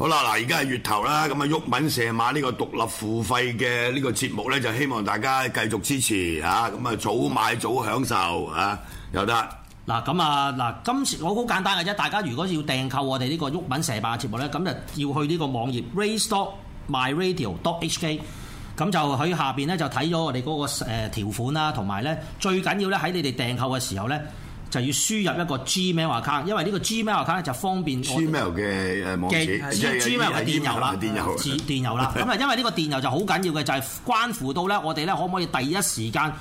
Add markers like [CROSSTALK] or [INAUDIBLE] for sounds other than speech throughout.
好啦，嗱，而家係月頭啦，咁、嗯、啊，毓民射馬呢個獨立付費嘅呢個節目咧，就希望大家繼續支持嚇，咁啊早買早享受嚇，有得嗱，咁啊嗱、啊，今次我好簡單嘅啫，大家如果要訂購我哋呢個毓民射馬嘅節目咧，咁就要去呢個網頁 race dot myradio dot hk，咁就喺下邊咧就睇咗我哋嗰、那個誒、呃、條款啦、啊，同埋咧最緊要咧喺你哋訂購嘅時候咧。就要輸入一個 Gmail account，因為呢個 Gmail account 咧就方便我嘅嘅 Gmail 嘅電郵啦、e uh,，電郵啦。咁啊，因為呢個電郵就好緊要嘅，就係、是、關乎到咧我哋咧可唔可以第一時間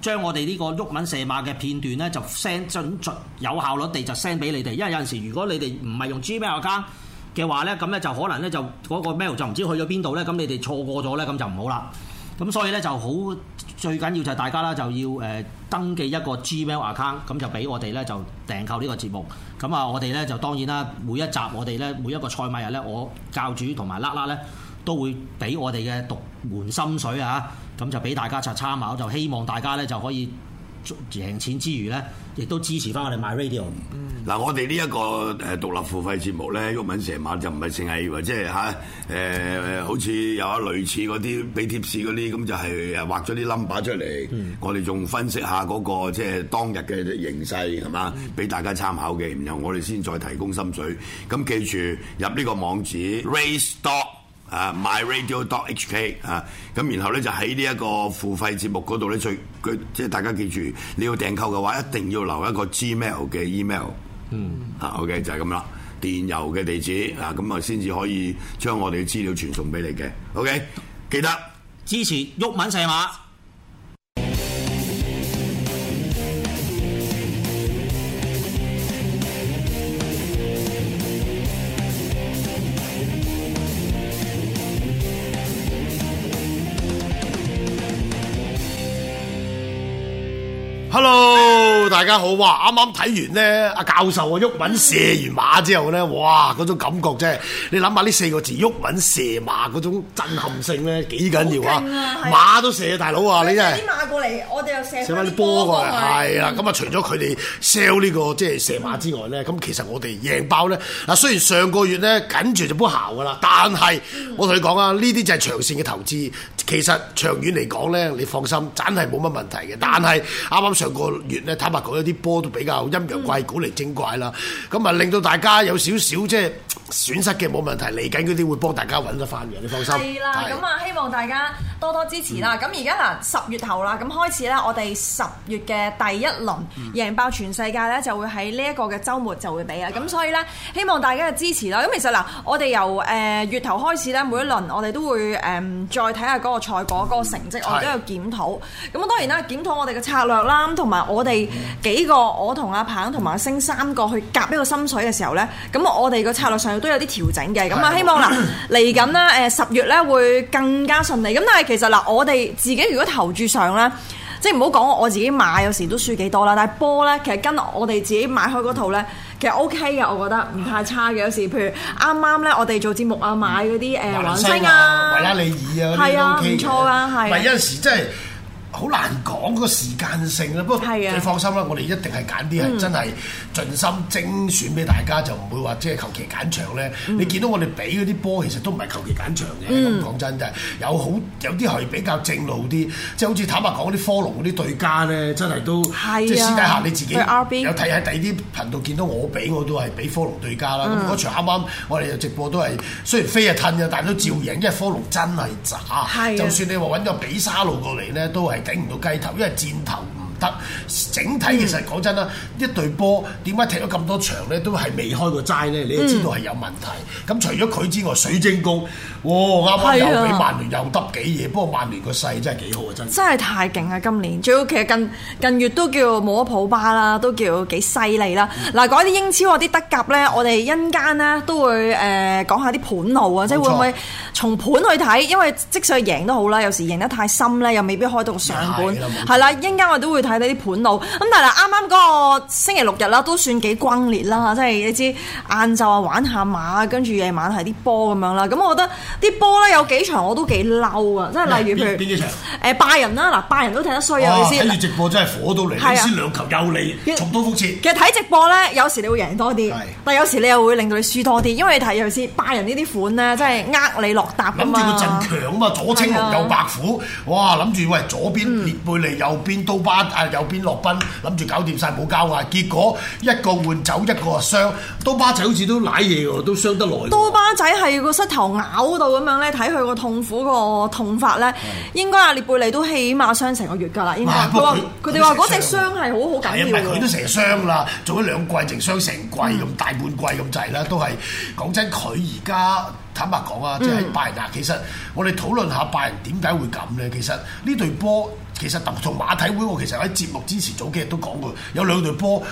將我哋呢個鬱文射馬嘅片段咧就 send 準準有效率地就 send 俾你哋。因為有陣時如果你哋唔係用 Gmail account 嘅話咧，咁咧就可能咧就嗰個 mail 就唔知去咗邊度咧，咁你哋錯過咗咧，咁就唔好啦。咁所以咧就好。最緊要就係大家啦，就要誒登記一個 Gmail account，咁就俾我哋咧就訂購呢個節目。咁啊，我哋咧就當然啦，每一集我哋咧每一個賽馬日咧，我教主同埋拉拉咧都會俾我哋嘅獨門心水啊，咁就俾大家就參考，就希望大家咧就可以。贏錢之餘咧，亦都支持翻我哋買 radio。嗱、嗯， [NOISE] 我哋呢一個誒獨立付費節目咧，鬱敏成晚就唔係淨係，或者嚇誒，好似有一類似嗰啲俾 t 士嗰啲，咁就係誒畫咗啲 number 出嚟。我哋仲分析下嗰、那個即係、就是、當日嘅形勢係嘛，俾大家參考嘅。然後我哋先再提供心水。咁記住入呢個網址。r e s t o c 啊，MyRadio.HK 啊，咁然後咧就喺呢一個付費節目嗰度咧，最即係大家記住，你要訂購嘅話，一定要留一個 Gmail 嘅 email。嗯，啊 OK 就係咁啦，電郵嘅地址啊，咁啊先至可以將我哋嘅資料傳送俾你嘅。OK，記得支持毓民細馬。大家好哇！啱啱睇完咧，阿教授啊，毓民射完馬之後咧，哇！嗰種感覺真係，你諗下呢四個字毓民射馬嗰種震撼性咧，幾緊要啊！啊的馬都射，大佬啊，你真係啲馬過嚟，我哋又射射翻啲波過嚟，係啊、嗯！咁啊、嗯嗯嗯，除咗佢哋 sell 呢個即係、就是、射馬之外咧，咁其實我哋贏爆咧啊！雖然上個月咧緊住就唔效噶啦，但係、嗯、我同你講啊，呢啲就係長線嘅投資，其實長遠嚟講咧，你放心，真係冇乜問題嘅。但係啱啱上個月咧，坦白講。嗰啲波都比較陰陽怪古靈精怪啦，咁啊、嗯、令到大家有少少即係損失嘅冇問題，嚟緊嗰啲會幫大家揾得返嘅，你放心。係啦了，咁是啊，希望大家多多支持啦。咁而家嗱，十月頭啦，咁開始咧，我哋十月嘅第一輪贏爆全世界咧，就會喺呢一個嘅周末就會畀啊。咁、嗯、所以咧，希望大家嘅支持啦。咁其實嗱，我哋由誒、呃、月頭開始咧，每一輪我哋都會誒、呃、再睇下嗰個賽果、嗰、嗯、個成績，我哋都有檢討。咁啊當然啦，檢討我哋嘅策略啦，同埋我哋、嗯。嗯幾個我同阿鵬同埋阿星三個去夾呢個心水嘅時候呢，咁我哋個策略上都有啲調整嘅，咁啊是的 希望嗱嚟緊啦，誒十月呢，會更加順利。咁但係其實嗱、呃，我哋自己如果投注上呢，即係唔好講我自己買有時都輸幾多啦，但係波呢，其實跟我哋自己買開嗰套呢，其實 O K 嘅，我覺得唔太差嘅。有時譬如啱啱呢，我哋做節目啊買嗰啲誒黃星啊、維拉利爾啊，係啊唔錯啊，係。有時真係。好難講個時間性啦，不過你放心啦，我哋一定係揀啲係真係盡心精選俾大家，就唔會話即係求其揀場咧。你見到我哋俾嗰啲波，其實都唔係求其揀場嘅。講真真係有好有啲係比較正路啲，即係好似坦白講啲科隆嗰啲對家咧，真係都即係私底下你自己有睇喺第啲頻道見到我俾我都係俾科隆對家啦。咁嗰場啱啱我哋就直播都係雖然飛啊褪啊，但都照贏，因為科隆真係渣。就算你話揾個比沙路過嚟咧，都係。頂唔到雞頭，因為箭頭。整體其實講，嗯、真啦，一隊波點解踢咗咁多場咧，都係未開過齋咧，你都知道係有問題。咁，嗯、除咗佢之外，水晶宮，哇，哦！啱啱又俾曼聯又得幾嘢，不過曼聯個勢真係幾好啊，真。真係太勁啊！今年，仲有其實近近月都叫冇得普巴啦，都叫幾犀利啦。嗱，嗯、講啲英超嗰啲德甲咧，我哋一間呢都會誒講下啲盤路啊，沒錯 即係會唔會從盤去睇？因為即使贏都好啦，有時贏得太深咧，又未必開到上盤。係啦，一間我都會睇。睇啲盤路咁，但係，嗱，啱啱嗰個星期六日啦，都算幾轟烈啦，即係你知晏晝啊玩下馬，跟住夜晚係啲波咁樣啦。咁我覺得啲波咧有幾場我都幾嬲啊，即係例如譬如邊幾場？誒拜仁啦，嗱拜仁都踢得衰啊！跟住直播真係火到嚟，先兩球又你，重蹈覆轍。其實睇直播咧，有時你會贏多啲，但係有時你又會令到你輸多啲，因為睇頭先拜仁呢啲款咧，真係呃你落搭啊嘛！諗住個陣強啊嘛，左青龍右白虎，哇，諗住喂，左邊列貝利，右邊刀疤。右邊洛賓諗住搞掂晒冇交啊！結果一個換走一個就傷，刀疤仔好似都舐嘢喎，都傷得耐。刀疤仔係個膝頭咬到咁樣咧，睇佢個痛苦個痛法咧，嗯、應該阿列貝利都起碼傷成個月㗎啦。應該佢話佢哋話嗰隻傷係好好緊要。唔係佢都成日傷啦，嗯、做咗兩季淨傷成季，用、嗯、大半季咁就係啦。都係講真，佢而家坦白講啊，即係拜仁。其實我哋討論下拜仁點解會咁咧？其實呢隊波。其實，特同馬體會，我其實喺節目之前早幾日都講過，有兩隊波。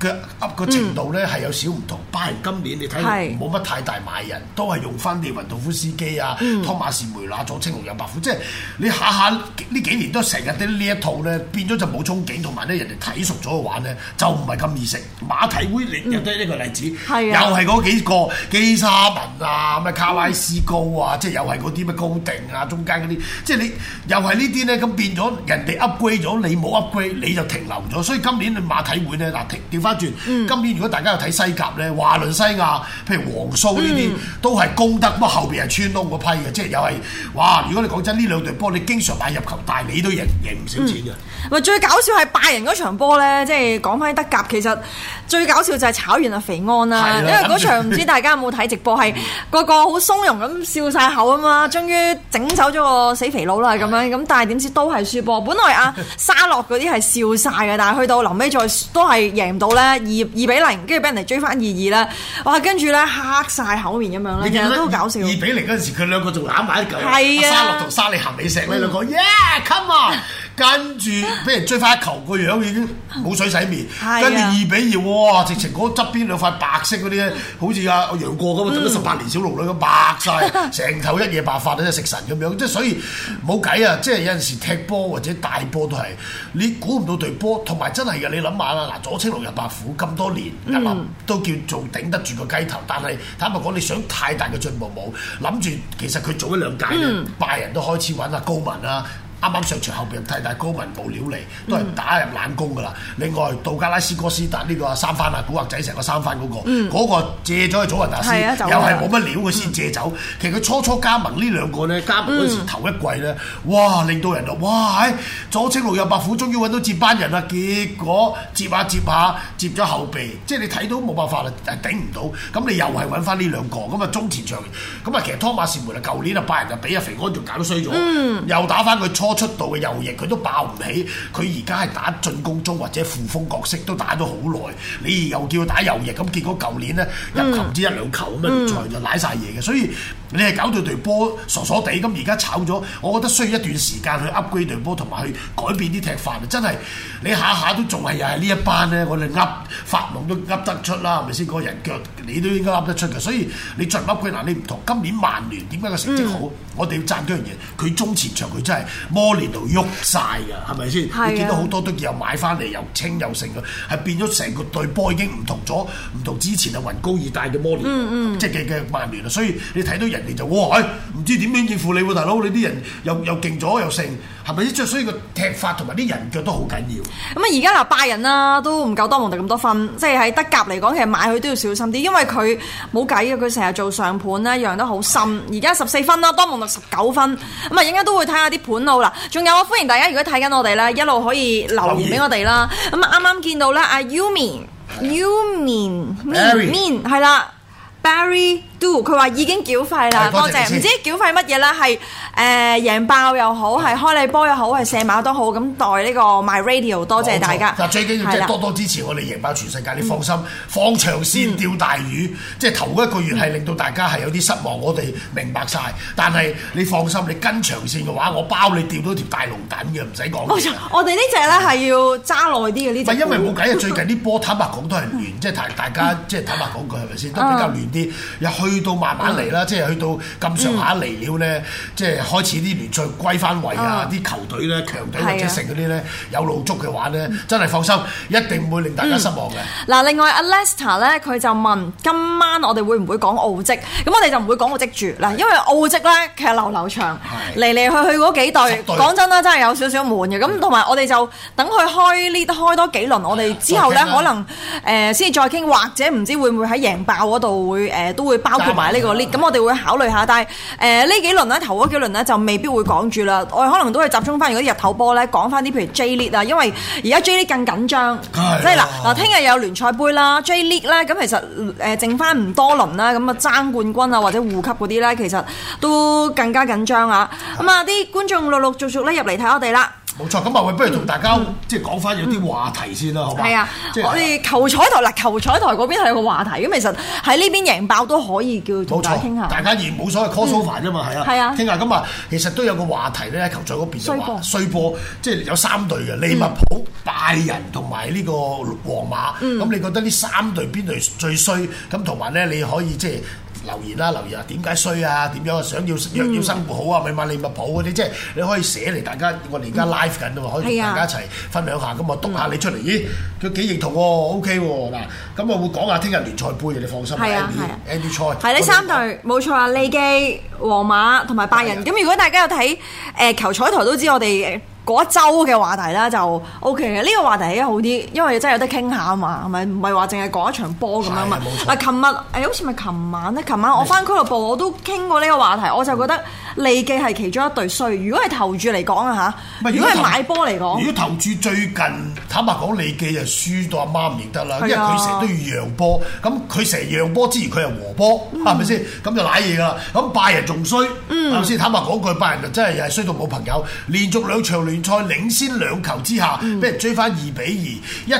佢噏個程度咧係有少唔同，但係今年你睇冇乜太大買人，是都係用翻列雲道夫斯基啊、托馬士梅拿左青龍右白虎，即係你下下呢幾年都成日都呢一套咧，變咗就冇憧憬，同埋咧人哋睇熟咗嘅話咧就唔係咁易食。馬體會你又得呢個例子，啊、又係嗰幾個基沙文啊、咩卡拉斯高啊，即係又係嗰啲咩高定啊，中間嗰啲，即係你又係呢啲咧，咁變咗人哋 upgrade 咗，你冇 upgrade 你就停留咗，所以今年你馬體會咧嗱停掉翻。停停停今年、嗯、如果大家有睇西甲咧，華倫西亞，譬如皇蘇呢啲，嗯、都係高德。不過後邊係穿窿嗰批嘅，即係又係哇！如果你講真呢兩隊波，你經常買入球，但係你都贏贏唔少錢嘅。咪、嗯、最搞笑係拜仁嗰場波咧，即係講翻德甲，其實。最搞笑就係炒完啊肥安啦，的因為嗰場唔知大家有冇睇直播，係 [LAUGHS] 個個好鬆茸咁笑晒口啊嘛，終於整走咗個死肥佬啦咁樣，咁但係點知都係輸波。本來阿沙洛嗰啲係笑晒嘅，但係去到臨尾再都係贏唔到咧，二二比零，跟住俾人哋追翻二二啦。2，哇，跟住咧黑晒口面咁樣咧，都好搞笑。二比零嗰陣時佢兩個仲攬埋一嚿，的阿沙洛同沙利行美石咧、嗯、兩個 y、yeah, come on。 [LAUGHS] 跟住俾人追翻一球，個樣已經冇水洗面。 [LAUGHS] 跟住二比二、哦，哇！直情嗰側邊兩塊白色嗰啲，好似阿楊過咁，做咗十八年小龍女咁 [LAUGHS] 白晒，成頭一夜白髮咧，食神咁樣。即係所以冇計啊！即係有陣時踢波或者大波都係你估唔到對波，同埋真係嘅，你諗下啦。嗱，左青龍右白虎咁多年，咁 [LAUGHS] 都叫做頂得住個雞頭。但係坦白講，你想太大嘅進步冇。諗住其實佢做咗兩屆， [LAUGHS] 拜仁都開始揾阿高文啦。啱啱上場後邊太大哥文無料嚟，都係打入冷宮㗎啦。嗯、另外杜加拉斯哥斯達呢個三番啊，古惑仔成個三番嗰、那個，嗰、嗯、個借咗去祖雲達斯，又係冇乜料佢先借走。嗯、其實佢初初加盟呢兩個咧，加盟嗰時頭一季咧，哇、嗯、令到人就哇左青龍右白虎，終於揾到接班人啦。結果接下接下接咗後備，即係你睇到冇辦法啦，頂唔到。咁你又係揾翻呢兩個，咁啊中前場，咁啊其實湯馬士梅啊，舊年啊拜仁就俾阿肥安仲搞到衰咗，嗯、又打翻佢多出道嘅右翼佢都爆唔起，佢而家係打進攻中或者副鋒角色都打咗好耐，你又叫佢打右翼咁，結果舊年呢入球唔知一兩球咁樣就就賴晒嘢嘅，所以。你係搞對隊波傻傻地咁，而家炒咗，我覺得需要一段時間去 upgrade 隊波同埋去改變啲踢法，真係你下下都仲係係呢一班咧，我哋 upgrade 發夢都 upgrade 得出啦，係咪先？個人腳你都應該 upgrade 得出嘅，所以你再 upgrade 嗱，你唔同今年曼聯點解個成績好？嗯、我哋要讚幾樣嘢，佢中前場佢真係摩連度喐晒㗎，係咪先？啊、你見到好多都又買翻嚟又清又剩嘅，係變咗成個隊波已經唔同咗，唔同之前嘅雲高二大嘅摩連即係嘅嘅曼聯啊！嗯嗯嗯、所以你睇到人。你就哇！唔知點樣應付你喎，大佬你啲人又又勁咗又剩，係咪？即係所以個踢法同埋啲人腳都好緊要。咁啊，而家嗱拜仁啦都唔夠多蒙特咁多分，即係喺德甲嚟講，其實買佢都要小心啲，因為佢冇計嘅，佢成日做上盤啦，讓得好深。而家十四分啦，多蒙特十九分，咁啊，應該都會睇下啲盤路啦。仲有啊，歡迎大家如果睇緊我哋啦，一路可以留，留言俾我哋啦。咁啊，啱啱見到咧，阿 Yumi，Yumi，面面係啦，Barry mean。Barry do 佢話已經繳費啦，多謝。唔知繳費乜嘢啦，係誒贏爆又好，係開你波又好，係射馬都好，咁代呢個 My Radio 多謝大家。嗱，最緊要即係多多支持我哋贏爆全世界，你放心放長線釣大魚，即係頭一個月係令到大家係有啲失望，我哋明白晒。但係你放心，你跟長線嘅話，我包你釣到條大龍躉嘅，唔使講。冇錯，我哋呢隻咧係要揸耐啲嘅呢隻。唔係因為冇計啊，最近啲波坦白講都係亂，即係大大家即係坦白講句係咪先都比較亂啲，又去。去到慢慢嚟啦，即係去到咁上下嚟了咧，即係開始啲聯賽，歸翻位啊，啲球隊咧強隊或者成嗰啲咧有露足嘅話咧，真係放心，一定唔會令大家失望嘅。嗱，另外阿 Lester 咧，佢就問今晚我哋會唔會講澳職？咁我哋就唔會講澳職住啦，因為澳職咧其實流流長嚟嚟去去嗰幾隊，講真啦，真係有少少悶嘅。咁同埋我哋就等佢開呢開多幾輪我哋之後咧可能誒先再傾或者唔知會唔會喺贏爆嗰度會誒都會包。同埋呢個 lead 咁我哋會考慮下，但係誒呢幾輪咧，頭嗰幾輪咧就未必會講住啦。我哋可能都係集中翻嗰啲日頭波咧，講翻啲譬如 J 列啊，因為而家 J 列更緊張。即係嗱嗱，聽日有聯賽杯啦，J lead 啦，咁其實誒剩翻唔多輪啦，咁啊爭冠軍啊或者護級嗰啲咧，其實都更加緊張啊！咁啊，啲觀眾陸陸續續咧入嚟睇我哋啦。冇錯，咁啊，不如同大家即係講翻有啲話題先啦，好嘛？係啊，我哋球彩台嗱，球彩台嗰邊係有個話題，咁其實喺呢邊贏爆都可以叫大家傾下。大家而冇所謂 cosplay 啫嘛，係啊。係啊，傾下咁啊，其實都有個話題咧，球賽嗰邊衰波衰波，即係有三隊嘅利物浦、拜仁同埋呢個皇馬。咁你覺得呢三隊邊隊最衰？咁同埋咧，你可以即係。留言啦，留言話點解衰啊？點樣想要若要生活好啊？咪買利物浦嗰啲，即係你可以寫嚟，大家我哋而家 live 緊啊嘛，可以大家一齊分享下咁啊，篤下你出嚟，咦，佢幾認同喎，OK 喎，嗱，咁我會講下聽日聯賽杯嘅，你放心啦，係啊係啊，係呢三隊冇錯啊，利記、皇馬同埋拜仁。咁如果大家有睇誒球彩台都知我哋。嗰一週嘅話題啦，OK，就 OK 嘅呢個話題係好啲，因為真係有得傾下啊嘛，咪唔係話淨係講一場波咁樣嘛。嗱，琴日誒，好似咪琴晚咧，琴晚我翻俱樂部是的 我都傾過呢個話題，我就覺得。利記係其中一對衰。如果係投注嚟講啊嚇，如果係買波嚟講，如果投注最近，坦白講，利記就輸到阿媽唔認得啦，是的 因為佢成日都要讓波，咁佢成日讓波，之餘佢又和波，係咪先？咁就賴嘢啦。咁拜仁仲衰，係咪先？坦白講句，拜仁就真係又係衰到冇朋友。連續兩場聯賽領先兩球之下，俾、嗯、人追翻二比二。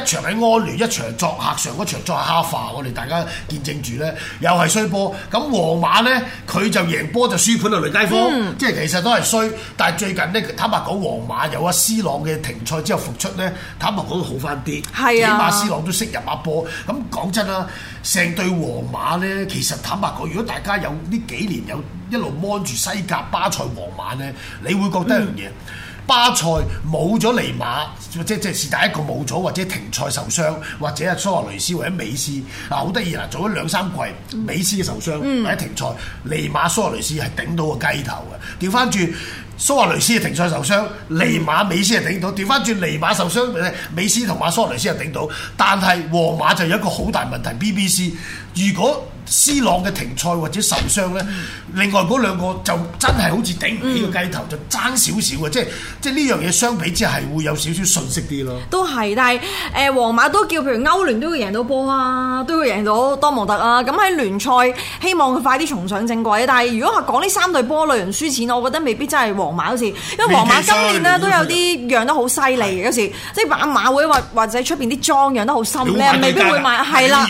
一場喺安聯，一場作客上嗰場作客哈化，我哋大家見證住咧，又係衰波。咁皇馬咧，佢就贏波就輸盤就輸到累街坊。嗯嗯、即係其實都係衰，但係最近咧，坦白講，皇馬有阿、啊、C 朗嘅停賽之後復出咧，坦白講好翻啲，是啊、起碼 C 朗都識入下、啊、波。咁、嗯、講真啦，成隊皇馬咧，其實坦白講，如果大家有呢幾年有一路 mon 住西甲、巴塞、皇馬咧，你會覺得一樣嘢。嗯巴塞冇咗尼馬，即即係是但一個冇咗或者停賽受傷，或者阿蘇亞雷斯或者美斯，嗱好得意啊！做咗兩三季，美斯受傷或者停賽，尼馬蘇亞雷斯係頂到個雞頭嘅。調翻轉蘇亞雷斯停賽受傷，尼馬美斯係頂到。調翻轉尼馬受傷，美斯同馬蘇亞雷斯係頂到。但係皇馬就有一個好大問題，B B C，如果 C 朗嘅停賽或者受傷咧，另外嗰兩個就真係好似頂唔起個雞頭，就爭少少嘅，即係即係呢樣嘢相比之係會有少少順息啲咯。都係，但係誒皇馬都叫譬如歐聯都要贏到波啊，都要贏到多莫特啊。咁喺聯賽希望佢快啲重上正軌。但係如果係講呢三對波類型輸錢，我覺得未必真係皇馬好似，因為皇馬今年咧都有啲讓得好犀利，有時即係把馬會或或者出邊啲莊讓得好深咧，未必會買。係啦，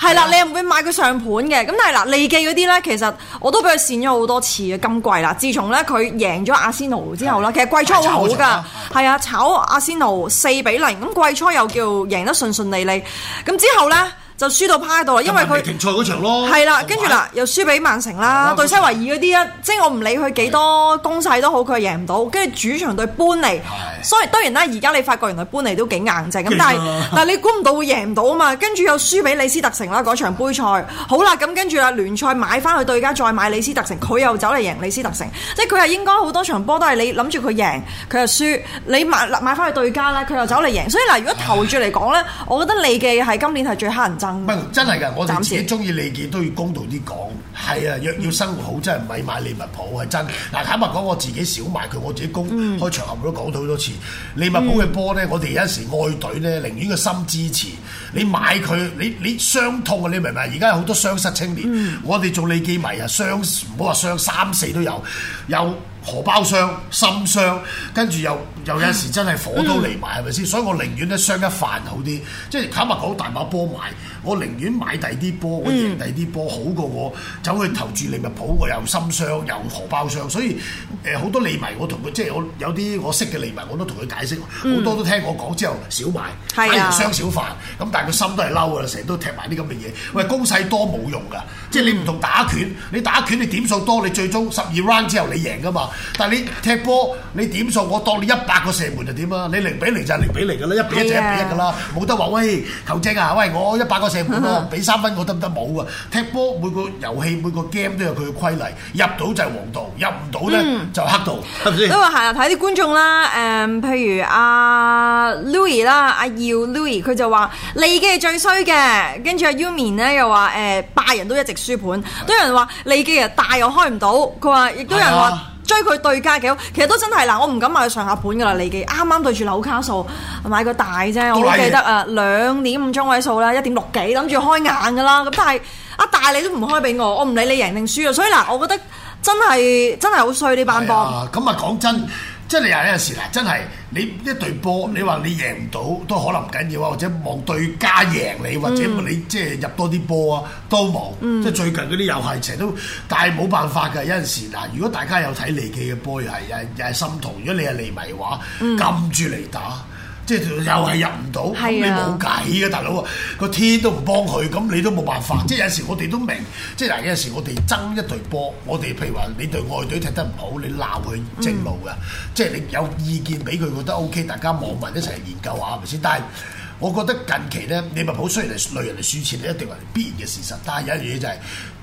係啦，你又唔會買佢上盤嘅。咁但係嗱利記嗰啲呢，其實我都俾佢扇咗好多次嘅今季啦。自從呢，佢贏咗阿仙奴之後呢，的其實季初好好噶，係啊，炒阿仙奴四比零，咁季初又叫贏得順順利利，咁之後呢？就輸到趴喺度啦，因為佢停賽嗰場咯，係的啦，跟住嗱又輸俾曼城啦。嗯、對西維爾嗰啲啊，即係、嗯、我唔理佢幾多攻勢都好，佢係、嗯、贏唔到。跟住主場對搬嚟，所以當然啦，而家你發覺原來搬嚟都幾硬淨咁，但係但係你估唔到會贏唔到啊嘛。跟住又輸俾李斯特城啦，嗰場杯賽，好啦，咁跟住啊聯賽買翻去對家再買李斯特城，佢又走嚟贏李斯特城，即係佢係應該好多場波都係你諗住佢贏，佢又輸，你買買翻去對家咧，佢又走嚟贏。所以嗱，如果投注嚟講咧，唉我覺得你嘅係今年係最乞人憎嗯、真係㗎，嗯、我哋自己中意利記都要公道啲講。係、嗯、啊，若要生活好，真係唔係買利物浦。係真。嗱、啊，坦白講，我自己少買佢，我自己公。嗯、開場合都講到好多次，利物浦嘅波咧，我哋有陣時愛隊咧，寧願個心支持。你買佢，你你傷痛啊？你明唔明啊？而家好多傷失青年，嗯、我哋做利記迷啊，傷唔好話傷三四都有，有荷包傷、心傷，跟住又又有時真係火都嚟埋，係咪先？嗯、所以我寧願咧傷一塊好啲，即係坦白講，大把波買。我寧願買第啲波，我贏第啲波好過我走去投注利物浦，我又心傷又荷包傷。所以誒好、呃、多利迷，我同佢即係我有啲我識嘅利迷，我都同佢解釋，好、嗯、多都聽我講之後少買，睇人、啊、雙少煩。咁但係個心都係嬲㗎啦，成日都踢埋啲咁嘅嘢，喂，攻勢多冇用㗎。即係你唔同打拳，你打拳你點數多，你最終十二 round 之後你贏㗎嘛。但係你踢波你點數我，我當你一百個射門就點啊？你零比零就係零比零㗎啦，一比一就一比一㗎啦，冇得話喂求精啊！喂我一百個 ,100 個。射盤啊，俾三分我得唔得冇啊！踢波每個遊戲每個 game 都有佢嘅規例，入到就係黃道，入唔到咧就黑道，係咪先？等等都話係啦，睇啲觀眾啦，誒、嗯，譬如阿、啊、Louis 啦、啊，阿耀 Louis，佢就話利記係最衰嘅，跟住阿 Umi 咧又話誒拜仁都一直輸盤，都有人話利記啊大又開唔到，佢話亦都有人話。追佢對家幾好，其實都真係嗱，我唔敢買佢上下盤噶啦，你記啱啱對住樓卡數買個大啫，對 我好記得啊，兩點五中位數啦，一點六幾，諗住開眼噶啦，咁但係一、啊、大你都唔開俾我，我唔理你贏定輸啊，所以嗱，我覺得真係真係好衰呢班波。咁啊講真。即係你有陣時啦，真係你一隊波，你話你贏唔到都可能唔緊要啊，或者望對家贏你，或者你即係入多啲波啊，都望。嗯、即係最近嗰啲遊戲成日都，但係冇辦法㗎。有陣時嗱，如果大家有睇利記嘅波又係又又係心痛，如果你係利迷嘅話，撳住嚟打。嗯即係又係入唔到，是啊、你冇計嘅，大佬啊，個天都唔幫佢，咁你都冇辦法。即係有陣時我哋都明，即係嗱有陣時我哋爭一隊波，我哋譬如話你對外隊踢得唔好，你鬧佢正路㗎。嗯、即係你有意見俾佢，覺得 O、OK, K，大家網民一齊研究下係咪先？但係我覺得近期咧，你咪好雖然嚟類人嚟輸錢，你一定係必然嘅事實。但係有一樣嘢就係、係。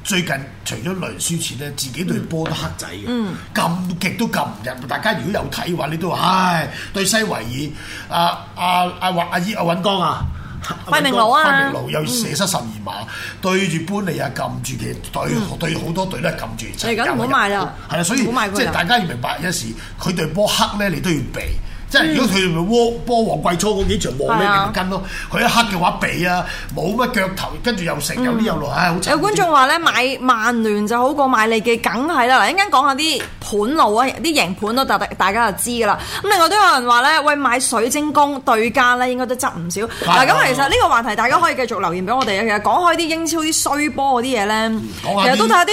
最近除咗雷輸前咧，自己隊波都黑仔嘅，撳、嗯、極都撳唔入。大家如果有睇話，你都話：唉，對西維爾，阿阿阿阿阿尹光啊，昆明路啊，昆明路又射失十二碼，嗯、對住搬嚟啊撳住，其實對對好多隊都係撳住，就係咁唔好賣啦，係啊，所以即係大家要明白一件事，佢隊波黑咧，你都要避。即係如果佢哋咪波王季初嗰幾場冇咩點跟咯，佢一黑嘅話鼻啊，冇乜腳頭，跟住又食，有啲又落，又又哎、有觀眾話咧買曼聯就好過買利記梗係啦。嗱，說說一陣間講下啲盤路啊，啲贏盤都大大家就知噶啦。咁另外都有人話咧，喂買水晶宮對家咧，應該都執唔少。嗱，咁其實呢個話題大家可以繼續留言俾我哋啊。其實講開啲英超啲衰波嗰啲嘢咧，其實都睇下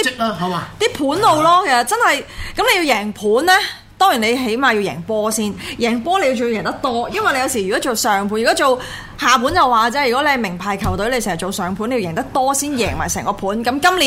啲盤路咯。說說其實真係咁，你要贏盤咧。當然你起碼要贏波先，贏波你要仲要贏得多，因為你有時如果做上盤，如果做下盤就話啫，如果你係名牌球隊，你成日做上盤，你要贏得多先贏埋成個盤。咁今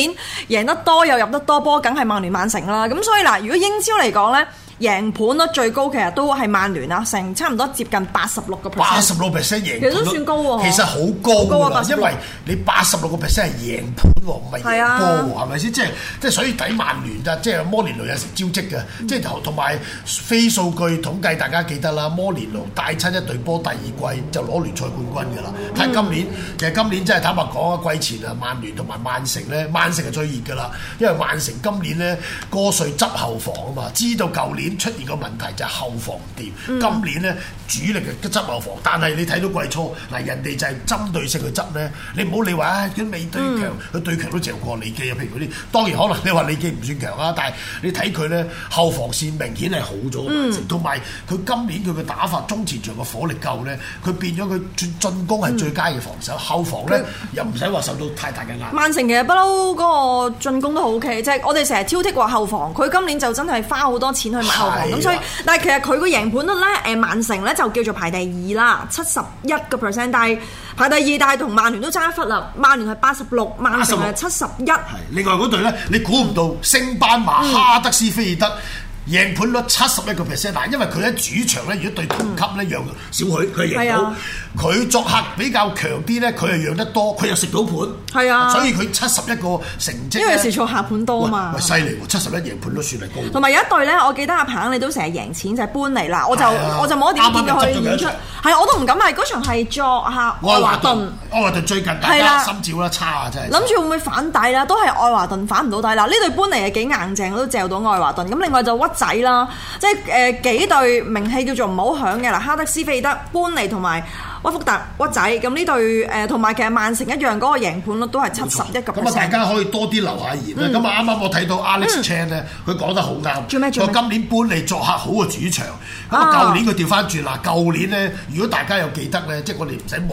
年贏得多又入得多波，梗係曼聯曼城啦。咁所以嗱，如果英超嚟講咧，贏盤率最高其實都係曼聯啦，成差唔多接近八十六個。八十六 percent 贏。其實都算高喎。其實好高。高啊！因為你八十六個 percent 係贏盤喎，唔係贏波喎，係咪先？即係即係，所以抵曼聯啊！即係摩連奴有時招積嘅，即係同同埋非數據統計，大家記得啦。摩連奴帶親一隊波，第二季就攞聯賽冠軍㗎啦！但係今年，其實今年真係坦白講啊，季前啊，曼聯同埋曼城咧，曼城係最熱㗎啦。因為曼城今年咧過誰執後防啊嘛，知道舊年出現個問題就係後防唔掂。今年咧主力係執後防，但係你睇到季初嗱，人哋就係針對性去執咧。你唔好理話啊，佢、哎、未對強，佢對強都弱過利記啊。譬如嗰啲，當然可能你話利記唔算強啊，但係你睇佢咧後防線明顯係好咗，曼城同埋佢今年佢嘅打法，中前場嘅火力夠咧，佢變咗佢轉進攻係最佳嘅防守，嗯、後防呢、嗯、又唔使話受到太大嘅壓力。曼城其實不嬲嗰個進攻都好 OK，即係我哋成日挑剔話後防，佢今年就真係花好多錢去買後防咁，啊、所以但係其實佢個贏盤率呢，誒曼城呢就叫做排第二啦，七十一個 percent，但係排第二但係同曼聯都爭一忽啦，曼聯係八十六，曼城係七十一。係另外嗰隊咧，你估唔到，升班馬哈德斯菲爾德。嗯嗯贏盤率七十一個 percent，但因為佢喺主場咧，如果對同級咧讓少許，佢、嗯、贏到；佢、啊、作客比較強啲咧，佢係讓得多，佢又食到盤。係啊，所以佢七十一個成績。因為有時做客盤多嘛。犀利喎，七十一個贏盤率算係高。同埋有，有一隊咧，我記得阿鵬你都成日贏錢就係、是、搬嚟啦，我就、啊、我就冇點見到佢演出。係我都唔敢係嗰場係作客愛華頓，愛華頓最近大家心照啦，啊、差真係。諗住會唔會反底啦？都係愛華頓反唔到底啦。呢隊搬嚟係幾硬淨，都借到愛華頓。咁另外就屈。仔啦，即係誒幾對名氣叫做唔好響嘅嗱，哈德斯菲德、搬尼同埋屈福特、屈仔咁呢對誒，同、呃、埋其實曼城一樣嗰個贏盤率都係七十一個 percent。咁啊，大家可以多啲留下言啦。咁啊、嗯，啱啱我睇到 Alex Chan 咧、嗯，佢講得好啱。做咩做？今年搬嚟作客好個主場。咁啊，舊年佢調翻轉嗱，舊年咧，如果大家有記得咧，即、就、係、是、我哋唔使忙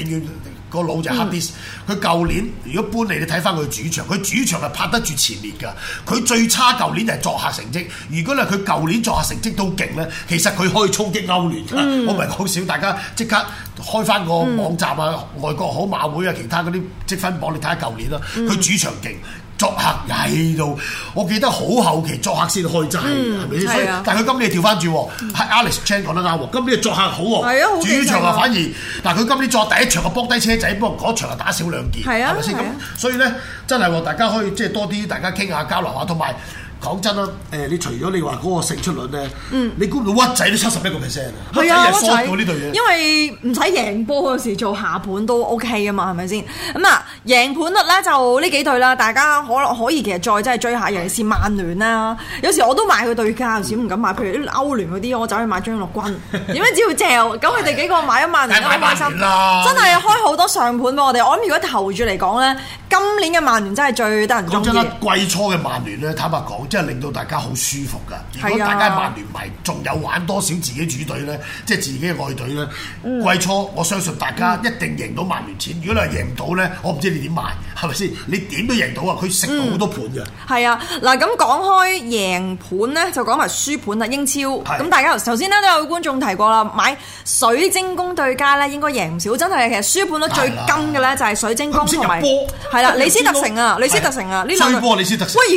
嘅，永遠。個佬就黑啲，佢舊年如果搬嚟，你睇翻佢主場，佢主場係拍得住前面㗎。佢最差舊年就係作客成績。如果咧佢舊年作客成績都勁咧，其實佢可以衝擊歐聯㗎。嗯、我唔係好少，大家即刻開翻個網站啊，嗯、外國好馬會啊，其他嗰啲積分榜，你睇下舊年啦。佢主場勁。嗯作客喺度，我記得好後期作客先開齋，係咪先？但係佢今年調翻轉，係 Alex Chan 講得啱喎。今年嘅作客好喎，主、啊啊、場啊反而，嗱佢、啊、今年作第一場嘅搏低車仔，不過嗰場啊打少兩件，係咪先？咁、啊、所以咧真係喎，大家可以即係多啲大家傾下交流下，同埋。講真啦，誒、欸，你除咗你話嗰個勝出率咧，嗯、你估唔到屈仔都七十一個 percent 啊？嗯、仔屈仔又疏咗呢對嘢，因為唔使贏波嗰時做下盤都 OK 啊嘛，係咪先？咁、嗯、啊，贏盤率咧就呢幾對啦，大家可能可以其實再真係追下，尤其是曼聯啦。有時我都買佢對家，有時唔敢買。譬如啲歐聯嗰啲，我走去買張洛君，點解 [LAUGHS] 只要掉？咁佢哋幾個買一曼聯都好 [LAUGHS] 開心！真係開好多上盤喎我哋。我諗如果投住嚟講咧。今年嘅曼聯真係最得人鍾意，講真啦，季初嘅曼聯咧，坦白講，真係令到大家好舒服噶。如果大家曼聯迷，仲有玩多少自己主隊咧，即係自己嘅愛隊咧？嗯、季初我相信大家一定贏到曼聯錢。如果你係贏唔到咧，我唔知你點買，係咪先？你點都贏到、嗯、啊？佢食好多盤嘅。係啊，嗱，咁講開贏盤咧，就講埋輸盤啦。英超咁是大家頭先咧都有觀眾提過啦，買水晶宮對家咧應該贏唔少。真係其實輸盤都最金嘅咧，就係水晶宮同埋。和嗱，李斯特城啊，李斯特城啊，呢兩、啊，喂，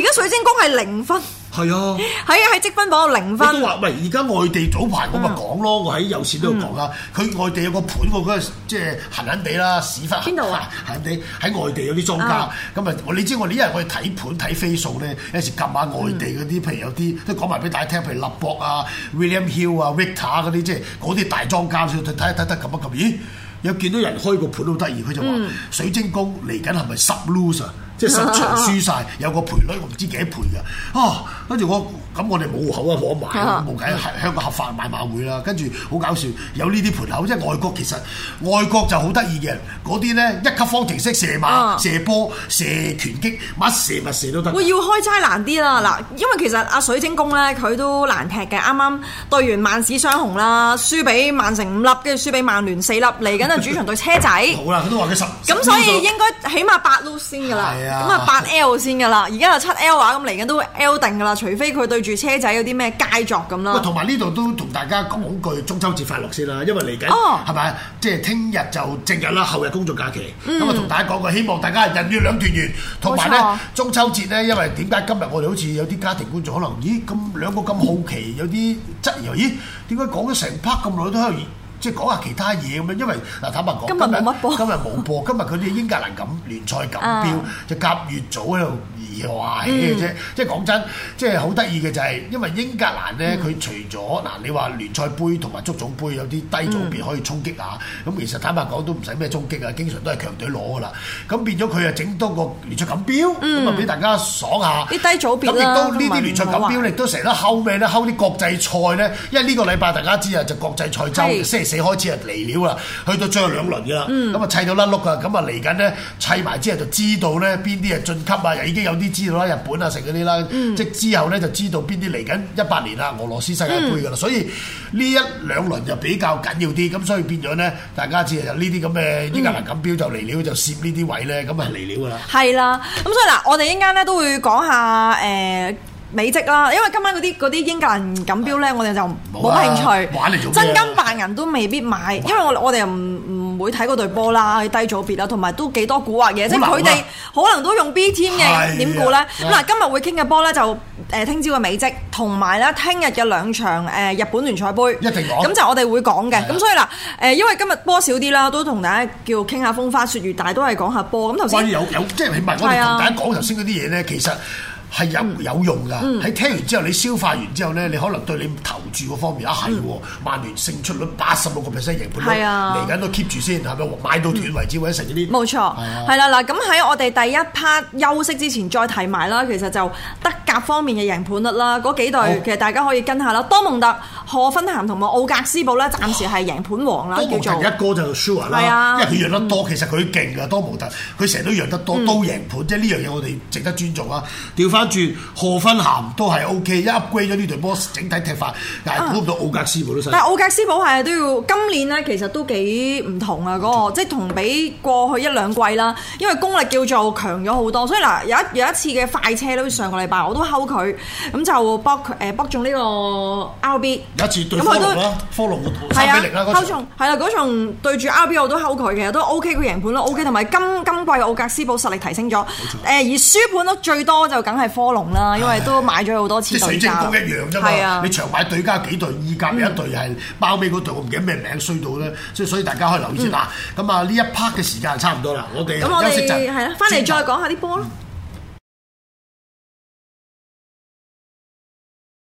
而家水晶宮係零分，係啊，喺喺積分榜有零分。都話，咪而家外地早排我咪講咯，啊、我喺有線都講啦。佢、啊、外地有個盤喎，嗰陣即係閒閒地啦，屎忽，閒閒、啊、地喺外地有啲莊家，咁啊，我你知我啲人可以睇盤睇飛數咧，有時撳下外地嗰啲，譬如有啲都講埋俾大家聽，譬如立博啊、William Hill 啊、Victor 嗰啲，即係嗰啲大莊家，睇一睇得撳一撳，咦？有見到人開個盤好得意，佢就話：嗯、水晶宮嚟緊係咪十 loser？即係十場輸晒， [LAUGHS] 有個賠率我唔知幾多倍嘅，哦，跟住我咁我哋冇口啊，我買冇計，喺香港合法買馬會啦。跟住好搞笑，有呢啲盤口，即係外國其實外國就好得意嘅，嗰啲咧一級方程式射馬、 [LAUGHS] 射波、射拳擊乜射乜射都得。會要開齋難啲啦，嗱，因為其實阿水晶宮咧佢都難踢嘅，啱啱對完曼市雙雄啦，輸俾曼城五粒，跟住輸俾曼聯四粒，嚟緊啊主場對車仔。 [LAUGHS] 好啦，佢都話佢十。咁所以應該起碼八 lose 先㗎啦。咁啊八 L 先噶啦，而家就七 L 話咁嚟緊都 L 定噶啦，除非佢對住車仔有啲咩佳作咁啦。同埋呢度都同大家講句中秋節快樂先啦，因為嚟緊係咪啊？即係聽日就正日啦，後日工作假期。咁啊，同大家講句，希望大家人月兩團圓。同埋咧中秋節咧，因為點解今日我哋好似有啲家庭觀眾可能咦咁兩個咁好奇有啲質疑，咦點解講咗成 part 咁耐都喺度？即係講下其他嘢咁樣，因為嗱，坦白講，今日天今日冇播，今日佢哋英格蘭錦聯賽錦標 [LAUGHS] 就甲乙組喺度。嘩，咩啫、嗯？即係講真，即係好得意嘅就係、是，因為英格蘭咧，佢、嗯、除咗嗱，你話聯賽杯同埋足總杯有啲低組別可以衝擊下，咁、嗯、其實坦白講都唔使咩衝擊啊，經常都係強隊攞噶啦。咁變咗佢啊，整多個聯賽錦標，咁啊俾大家爽下。啲低組別咁、啊、亦都呢啲聯賽錦標，亦都成日都後尾咧，後啲國際賽咧，因為呢個禮拜大家知啊，就國際賽周星期四開始啊嚟料啦，去到最後兩輪噶啦，咁啊砌到甩碌啊，咁啊嚟緊咧砌埋之後就知道咧邊啲係進級啊，已經有啲。知道啦，日本啊，食嗰啲啦，即之後咧就知道邊啲嚟緊一八年啦，俄羅斯世界盃噶啦，所以呢一兩輪就比較緊要啲，咁所以變咗咧，大家知道呢啲咁嘅英格蘭錦標就嚟了，就攝呢啲位咧，咁啊嚟了啦。係啦，咁所以嗱，我哋一陣間咧都會講下誒美職啦，因為今晚嗰啲嗰啲英格蘭錦標咧，我哋就冇興趣玩，真金白銀都未必買，因為我我哋又唔會睇嗰隊波啦，低組別啦，同埋都幾多古惑嘢，即係佢哋可能都用 BT 嘅，點估咧？咁嗱，啊、今日會傾嘅波咧，就誒聽朝嘅美職，同埋咧聽日嘅兩場誒日本聯賽杯，一定講。咁就我哋會講嘅。咁、啊、所以嗱誒，因為今日波少啲啦，都同大家叫傾下風花雪月，但係都係講下波。咁頭先有有，即係你問我同大家講頭先嗰啲嘢咧，啊、其實。係有有用噶，喺聽完之後，你消化完之後咧，你可能對你投注嗰方面，啊係喎，曼聯勝出率八十六個 percent，贏盤率嚟緊都 keep 住先，係咪買到斷為止，或者成呢啲？冇錯，係啦嗱，咁喺我哋第一 part 休息之前再睇埋啦，其實就德甲方面嘅贏盤率啦，嗰幾隊其實大家可以跟下啦。多蒙特、荷芬鹹同埋奧格斯堡咧，暫時係贏盤王啦，叫做一哥就 sure 啦，因為佢贏得多，其實佢勁噶。多蒙特佢成日都贏得多，都贏盤，即係呢樣嘢我哋值得尊重啊。調翻。跟住賀芬咸都係 O K，一 upgrade 咗呢隊波，整體踢法，但係估唔到奧格斯堡都犀利。但奧格斯堡係都要今年咧，其實都幾唔同啊！嗰同、嗰個即係同比過去一兩季啦，因為功力叫做強咗好多。所以嗱，有一有一次嘅快車都上個禮拜我都 hold 佢，咁就博佢誒、呃、博中呢個 RB。有一次對科隆啦，科隆嘅三比零啦，嗰場係啦，嗰場次中、啊、對住 RB 我都 hold 佢，其實都 O K 佢贏盤咯，O K。同、OK，埋今今，今季奧格斯堡實力提升咗，誒錯而輸盤都最多就梗係。科隆啦，因為都買咗好多次。啲水晶都一樣啫嘛，你長買隊加幾隊，意甲有一隊係包尾嗰隊，我唔記得咩名衰到咧，所以大家可以留意下。咁啊，呢一 part 嘅時間差唔多啦，我哋休息陣，翻嚟再講下啲波咯。